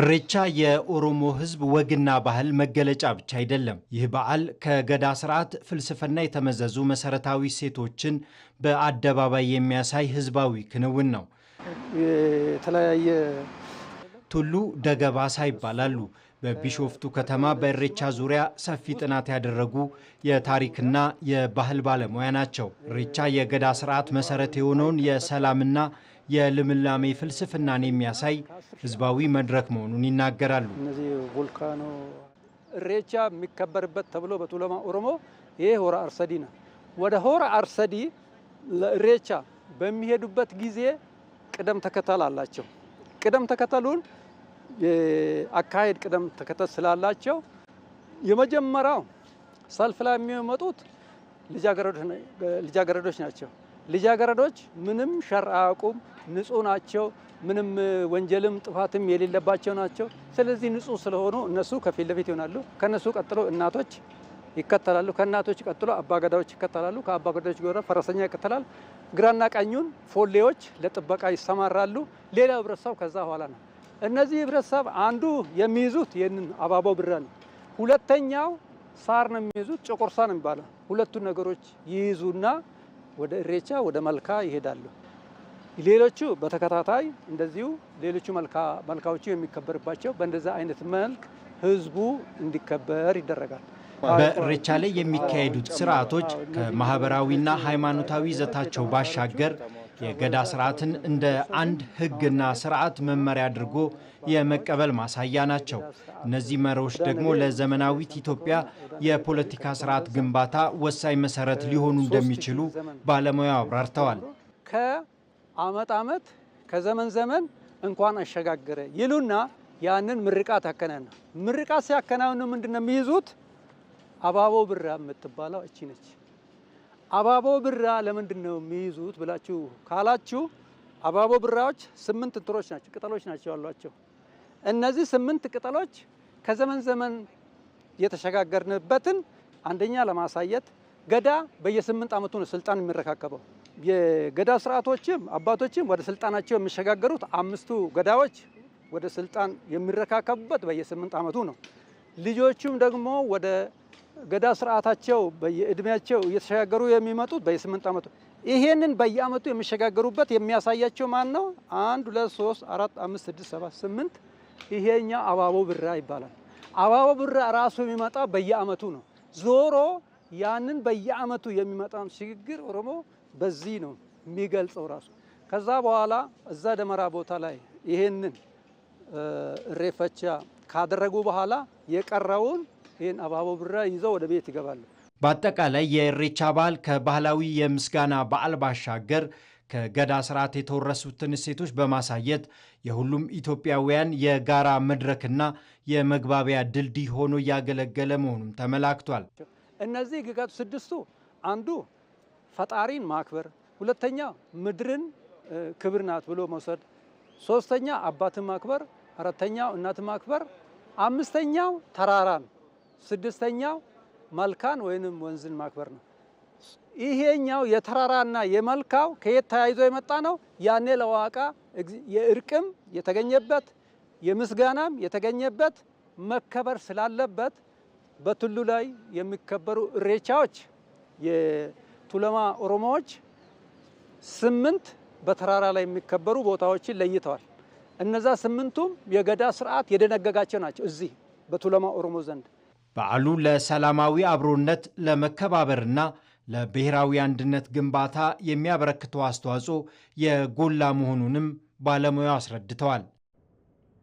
እሬቻ የኦሮሞ ሕዝብ ወግና ባህል መገለጫ ብቻ አይደለም። ይህ በዓል ከገዳ ስርዓት ፍልስፍና የተመዘዙ መሰረታዊ ሴቶችን በአደባባይ የሚያሳይ ህዝባዊ ክንውን ነው። የተለያየ ቱሉ ደገባሳ ይባላሉ። በቢሾፍቱ ከተማ በእሬቻ ዙሪያ ሰፊ ጥናት ያደረጉ የታሪክና የባህል ባለሙያ ናቸው። እሬቻ የገዳ ስርዓት መሰረት የሆነውን የሰላምና የልምላሜ ፍልስፍናን የሚያሳይ ህዝባዊ መድረክ መሆኑን ይናገራሉ። እሬቻ የሚከበርበት ተብሎ በቱለማ ኦሮሞ ይሄ ሆራ አርሰዲ ነው። ወደ ሆራ አርሰዲ ለእሬቻ በሚሄዱበት ጊዜ ቅደም ተከተል አላቸው። ቅደም ተከተሉን አካሄድ ቅደም ተከተል ስላላቸው የመጀመሪያው ሰልፍ ላይ የሚመጡት ልጃገረዶች ናቸው። ልጃገረዶች ምንም ሸር አያውቁም፣ ንጹህ ናቸው። ምንም ወንጀልም ጥፋትም የሌለባቸው ናቸው። ስለዚህ ንጹህ ስለሆኑ እነሱ ከፊት ለፊት ይሆናሉ። ከነሱ ቀጥሎ እናቶች ይከተላሉ። ከእናቶች ቀጥሎ አባገዳዎች ይከተላሉ። ከአባገዳዎች ጎራ ፈረሰኛ ይከተላል። ግራና ቀኙን ፎሌዎች ለጥበቃ ይሰማራሉ። ሌላው ህብረተሰብ ከዛ ኋላ ነው። እነዚህ ህብረተሰብ አንዱ የሚይዙት ይህንን አባቦ ብረ ነው። ሁለተኛው ሳር ነው የሚይዙት፣ ጨቆርሳ ነው የሚባለው። ሁለቱን ነገሮች ይይዙና ወደ እሬቻ ወደ መልካ ይሄዳሉ። ሌሎቹ በተከታታይ እንደዚሁ ሌሎቹ መልካዎቹ የሚከበርባቸው በእንደዛ አይነት መልክ ህዝቡ እንዲከበር ይደረጋል። በእሬቻ ላይ የሚካሄዱት ስርዓቶች ከማህበራዊና ሃይማኖታዊ ይዘታቸው ባሻገር የገዳ ስርዓትን እንደ አንድ ህግና ስርዓት መመሪያ አድርጎ የመቀበል ማሳያ ናቸው። እነዚህ መሪዎች ደግሞ ለዘመናዊት ኢትዮጵያ የፖለቲካ ስርዓት ግንባታ ወሳኝ መሰረት ሊሆኑ እንደሚችሉ ባለሙያው አብራርተዋል። ከአመት አመት ከዘመን ዘመን እንኳን አሸጋገረ ይሉና ያንን ምርቃት ያከናነ ምርቃት ሲያከናውኑ ምንድነው የሚይዙት? አባቦ ብራ የምትባለው እቺ ነች። አባቦ ብራ ለምንድን ነው የሚይዙት ብላችሁ ካላችሁ አባቦ ብራዎች ስምንት እንትሮች ናቸው፣ ቅጠሎች ናቸው ያሏቸው። እነዚህ ስምንት ቅጠሎች ከዘመን ዘመን የተሸጋገርንበትን አንደኛ ለማሳየት ገዳ በየስምንት ዓመቱ ነው ስልጣን የሚረካከበው። የገዳ ስርዓቶችም አባቶችም ወደ ስልጣናቸው የሚሸጋገሩት አምስቱ ገዳዎች ወደ ስልጣን የሚረካከቡበት በየስምንት ዓመቱ ነው። ልጆቹም ደግሞ ወደ ገዳ ስርዓታቸው በየእድሜያቸው እየተሸጋገሩ የሚመጡት በየስምንት ዓመቱ ይሄንን በየአመቱ የሚሸጋገሩበት የሚያሳያቸው ማን ነው? አንድ ሁለት ሶስት አራት አምስት ስድስት ሰባት ስምንት ይሄኛ አባቦ ብራ ይባላል። አባቦ ብራ ራሱ የሚመጣ በየአመቱ ነው። ዞሮ ያንን በየአመቱ የሚመጣን ሽግግር ኦሮሞ በዚህ ነው የሚገልጸው ራሱ። ከዛ በኋላ እዛ ደመራ ቦታ ላይ ይሄንን እሬፈቻ ካደረጉ በኋላ የቀረውን ይህን አባቦ ብራ ይዘው ወደ ቤት ይገባሉ። በአጠቃላይ የኢሬቻ በዓል ከባህላዊ የምስጋና በዓል ባሻገር ከገዳ ስርዓት የተወረሱትን እሴቶች በማሳየት የሁሉም ኢትዮጵያውያን የጋራ መድረክና የመግባቢያ ድልድይ ሆኖ እያገለገለ መሆኑም ተመላክቷል። እነዚህ ግጋቱ ስድስቱ አንዱ ፈጣሪን ማክበር፣ ሁለተኛ ምድርን ክብር ናት ብሎ መውሰድ፣ ሶስተኛ አባትን ማክበር፣ አራተኛው እናትን ማክበር፣ አምስተኛው ተራራን ስድስተኛው መልካን ወይንም ወንዝን ማክበር ነው። ይሄኛው የተራራና የመልካው ከየት ተያይዞ የመጣ ነው? ያኔ ለዋቃ የእርቅም የተገኘበት የምስጋናም የተገኘበት መከበር ስላለበት በቱሉ ላይ የሚከበሩ እሬቻዎች የቱለማ ኦሮሞዎች ስምንት በተራራ ላይ የሚከበሩ ቦታዎችን ለይተዋል። እነዛ ስምንቱም የገዳ ስርዓት የደነገጋቸው ናቸው እዚህ በቱለማ ኦሮሞ ዘንድ በዓሉ ለሰላማዊ አብሮነት፣ ለመከባበርና ለብሔራዊ አንድነት ግንባታ የሚያበረክተው አስተዋጽኦ የጎላ መሆኑንም ባለሙያው አስረድተዋል።